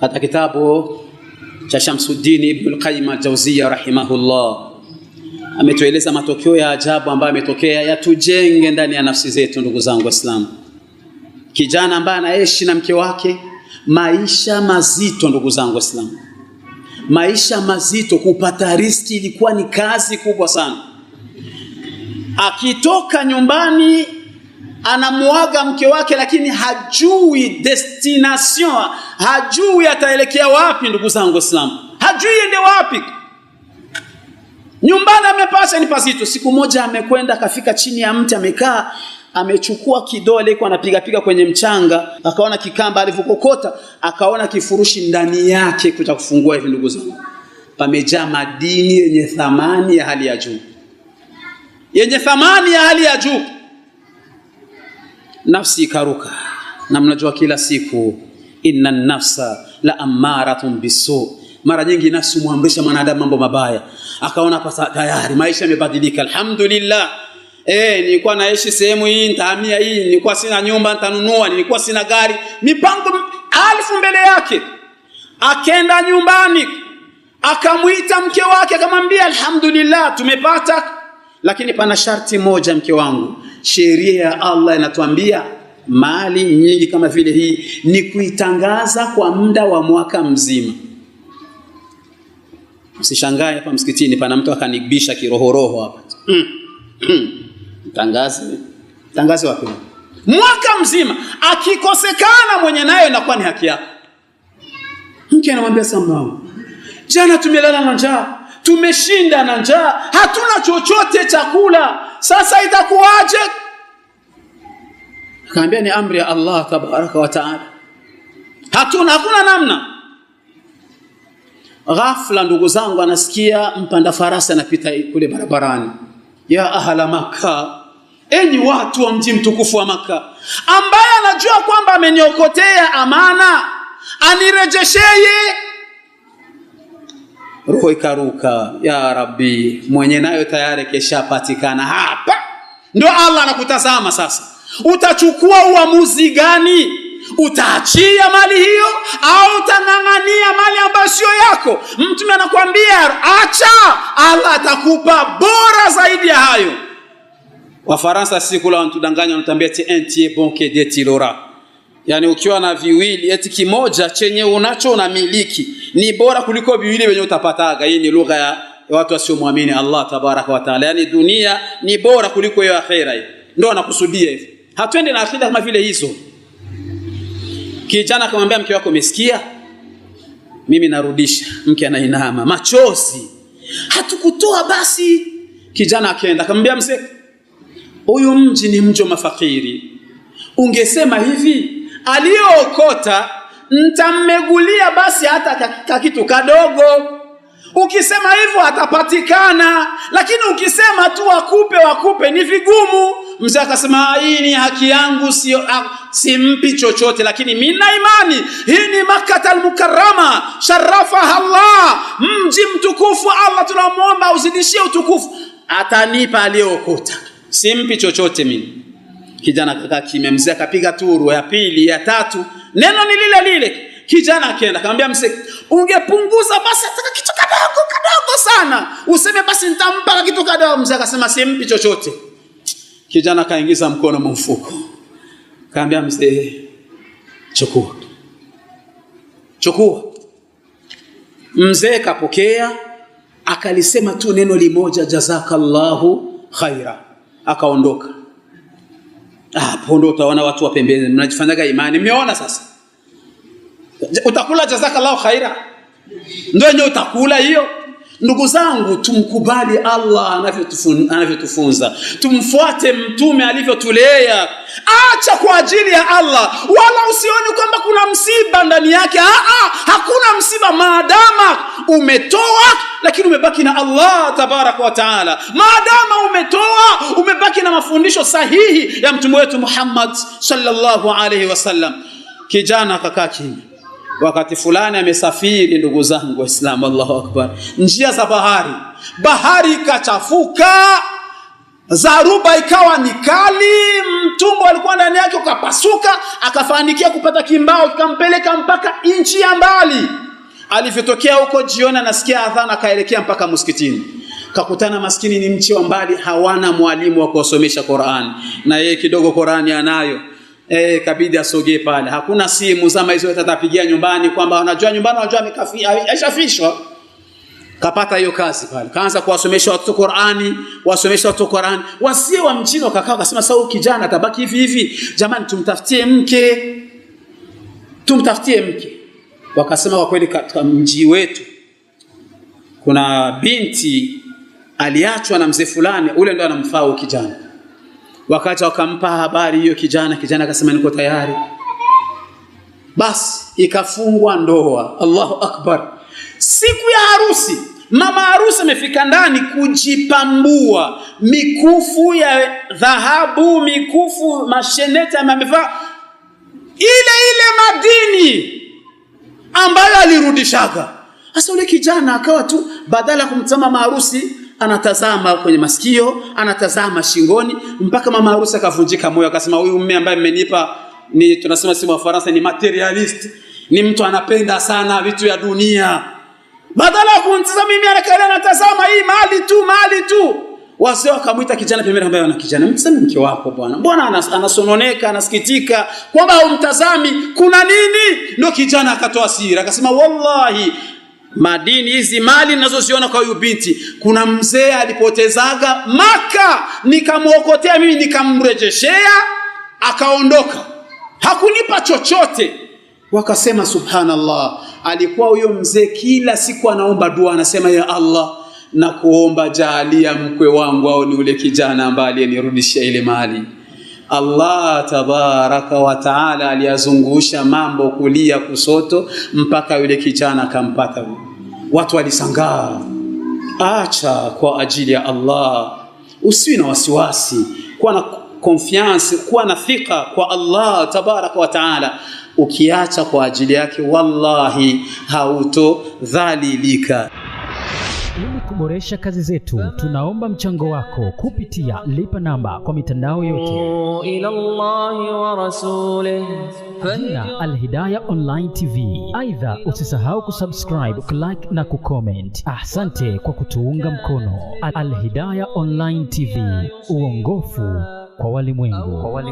katika kitabu cha Shamsuddin Ibn Qayyim al-Jawziyya rahimahullah ametueleza matokeo ya ajabu ambayo yametokea yatujenge ndani ya nafsi zetu, ndugu zangu Waislamu. Kijana ambaye anaishi na mke wake maisha mazito, ndugu zangu Waislamu, maisha mazito. Kupata riski ilikuwa ni kazi kubwa sana. Akitoka nyumbani anamuaga mke wake, lakini hajui destination, hajui ataelekea wapi. Ndugu zangu Waislamu, hajui ende wapi. Nyumbani amepasha ni pasito. Siku moja amekwenda akafika chini ya mti amekaa, amechukua kidole iko anapigapiga kwenye mchanga, akaona kikamba, alivyokokota akaona kifurushi ndani yake, kuja kufungua hivi, ndugu zangu, pamejaa madini yenye thamani ya hali ya juu, yenye thamani ya hali ya juu nafsi ikaruka, na mnajua kila siku inna nafsa la amaratun bisu mara nyingi nafsi muamrisha mwanadamu mambo mabaya, akaona kwa tayari maisha yamebadilika. Alhamdulillah, eh, nilikuwa naishi sehemu hii, nitahamia hii, nilikuwa sina nyumba, nitanunua, nilikuwa sina gari, mipango alfu mbele yake. Akenda nyumbani, akamwita mke wake, akamwambia alhamdulillah, tumepata, lakini pana sharti moja, mke wangu, sheria ya Allah inatuambia mali nyingi kama vile hii ni kuitangaza kwa muda wa mwaka mzima. Msishangae hapa msikitini pana mtu akanibisha kirohoroho hapa. Tangaze. Tangaze wapi? Mwaka mzima akikosekana mwenye nayo inakuwa ni haki yako. Mke anamwambia Samuel, jana tumelala na njaa tumeshinda na njaa, hatuna chochote chakula, sasa itakuwaje? Akaambia ni amri ya Allah tabaraka wa taala, hatuna hakuna namna. Ghafla ndugu zangu, anasikia mpanda farasi anapita kule barabarani, ya ahla Makka, enyi watu wa mji mtukufu wa Makka, ambaye anajua kwamba ameniokotea amana, anirejesheye roho ikaruka, ya Rabbi, mwenye nayo tayari keshapatikana. Hapa ndio Allah anakutazama sasa, utachukua uamuzi gani? Utaachia mali hiyo au utang'ang'ania mali ambayo siyo yako? Mtume anakuambia acha, Allah atakupa bora zaidi ya hayo. Wafaransa siku la wanatudanganya, wanatuambia ti un tiers de que yani ukiwa na viwili eti kimoja chenye unacho unamiliki ni bora kuliko viwili vyenye utapataga. Hii ni lugha ya watu wasiomwamini Allah tabaraka wa taala, yani dunia ni bora kuliko hiyo akhera. Hii ndio anakusudia hivi. hatuendi na akida kama vile hizo. Kijana akamwambia mke wako, umesikia? Mimi narudisha. Mke anainama, machozi, hatukutoa basi. Kijana akaenda akamwambia mzee, huyu mji ni mji wa mafakiri, ungesema hivi aliyookota mtammegulia basi hata kakitu kadogo ukisema hivyo atapatikana lakini ukisema tu wakupe wakupe ni vigumu mzee akasema hii ni haki yangu sio ah, simpi chochote lakini mina imani hii ni makkata lmukarama sharafaha llah mji mtukufu allah tunamwomba auzidishie utukufu atanipa aliyokuta simpi chochote mimi Kijana akakaa kimya, mzee akapiga turu ya pili, ya tatu, neno ni lile lile. Kijana akaenda akamwambia mzee, ungepunguza basi ataka kitu kadogo kadogo sana, useme basi nitampa kitu kadogo. Mzee akasema simpi chochote. Kijana akaingiza mkono mfuko, akamwambia mzee, chukua chukua. Mzee kapokea akalisema tu neno limoja, jazakallahu khaira, akaondoka hapo ah, ndo utaona watu wa pembeni mnajifanyaga imani mmeona sasa utakula jazakallahu khaira ndio yenyewe utakula hiyo Ndugu zangu, tumkubali Allah anavyotufunza, tumfuate Mtume alivyotulea. Acha kwa ajili ya Allah, wala usioni kwamba kuna msiba ndani yake. Aa, hakuna msiba maadama umetoa, lakini umebaki na Allah tabaraka wa taala. maadamu umetoa umebaki na mafundisho sahihi ya mtume wetu Muhammad sallallahu alaihi wasallam. Kijana akakaa chini, Wakati fulani amesafiri, ndugu zangu Waislamu, Allahu akbar, njia za bahari, bahari ikachafuka zaruba ikawa ni kali, mtumbo alikuwa ndani yake ukapasuka, akafanikia kupata kimbao kikampeleka mpaka nchi ya mbali alivyotokea huko jioni anasikia adhana akaelekea mpaka msikitini kakutana maskini ni mchi wa mbali hawana mwalimu wa kuwasomesha Qur'an na yeye kidogo Qur'ani anayo eh kabidi asogee pale hakuna simu zama hizo atapigia nyumbani kwamba anajua nyumbani anajua mikafi aishafishwa. kapata hiyo kazi pale kaanza kuwasomesha watoto Qur'ani wasomesha watoto Qur'ani wasie wa mjini wakakaa wakasema sasa kijana atabaki hivi hivi jamani tumtafutie mke tumtafutie mke wakasema kwa kweli, katika mji wetu kuna binti aliachwa na mzee fulani, ule ndo anamfaa kijana. Wakati wakampa habari hiyo kijana, kijana akasema niko tayari, basi ikafungwa ndoa. Allahu akbar! Siku ya harusi, mama harusi amefika ndani kujipambua, mikufu ya dhahabu, mikufu masheneta amevaa ile ile madini ambayo alirudishaga. Sasa yule kijana akawa tu badala ya kumtazama maharusi anatazama kwenye masikio, anatazama shingoni, mpaka mama harusi akavunjika moyo, akasema huyu mume ambaye mmenipa ni tunasema simu wa Faransa ni materialist, ni mtu anapenda sana vitu vya dunia. Badala ya kumtazama mimi, anakaa anatazama hii mali tu, mali tu Wazee wakamwita kijana pembeni, ambaye ana kijana, mseme mke wako bwana, bwana anasononeka, anasikitika kwamba haumtazami, kuna nini? Ndio kijana akatoa siri, akasema wallahi madini hizi mali ninazoziona kwa huyu binti, kuna mzee alipotezaga Maka, nikamwokotea mimi, nikamrejeshea akaondoka, hakunipa chochote. Wakasema subhanallah, alikuwa huyo mzee kila siku anaomba dua, anasema ya Allah na kuomba jaalia mkwe wangu au ni ule kijana ambaye aliyenirudishia ile mali. Allah tabaraka wa taala aliyazungusha mambo kulia kusoto, mpaka yule kijana akampata. Watu walisangaa. Acha kwa ajili ya Allah, usiwi na wasiwasi, kuwa na konfiansi, kuwa na thika kwa Allah tabaraka wa taala. Ukiacha kwa ajili yake, wallahi hautodhalilika. Ili kuboresha kazi zetu, tunaomba mchango wako kupitia lipa namba kwa mitandao yote. Jina Alhidaya Online TV. Aidha, usisahau kusubscribe, like na kucomment. Asante kwa kutuunga mkono. Alhidaya Online TV, uongofu kwa walimwengu.